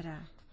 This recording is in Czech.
která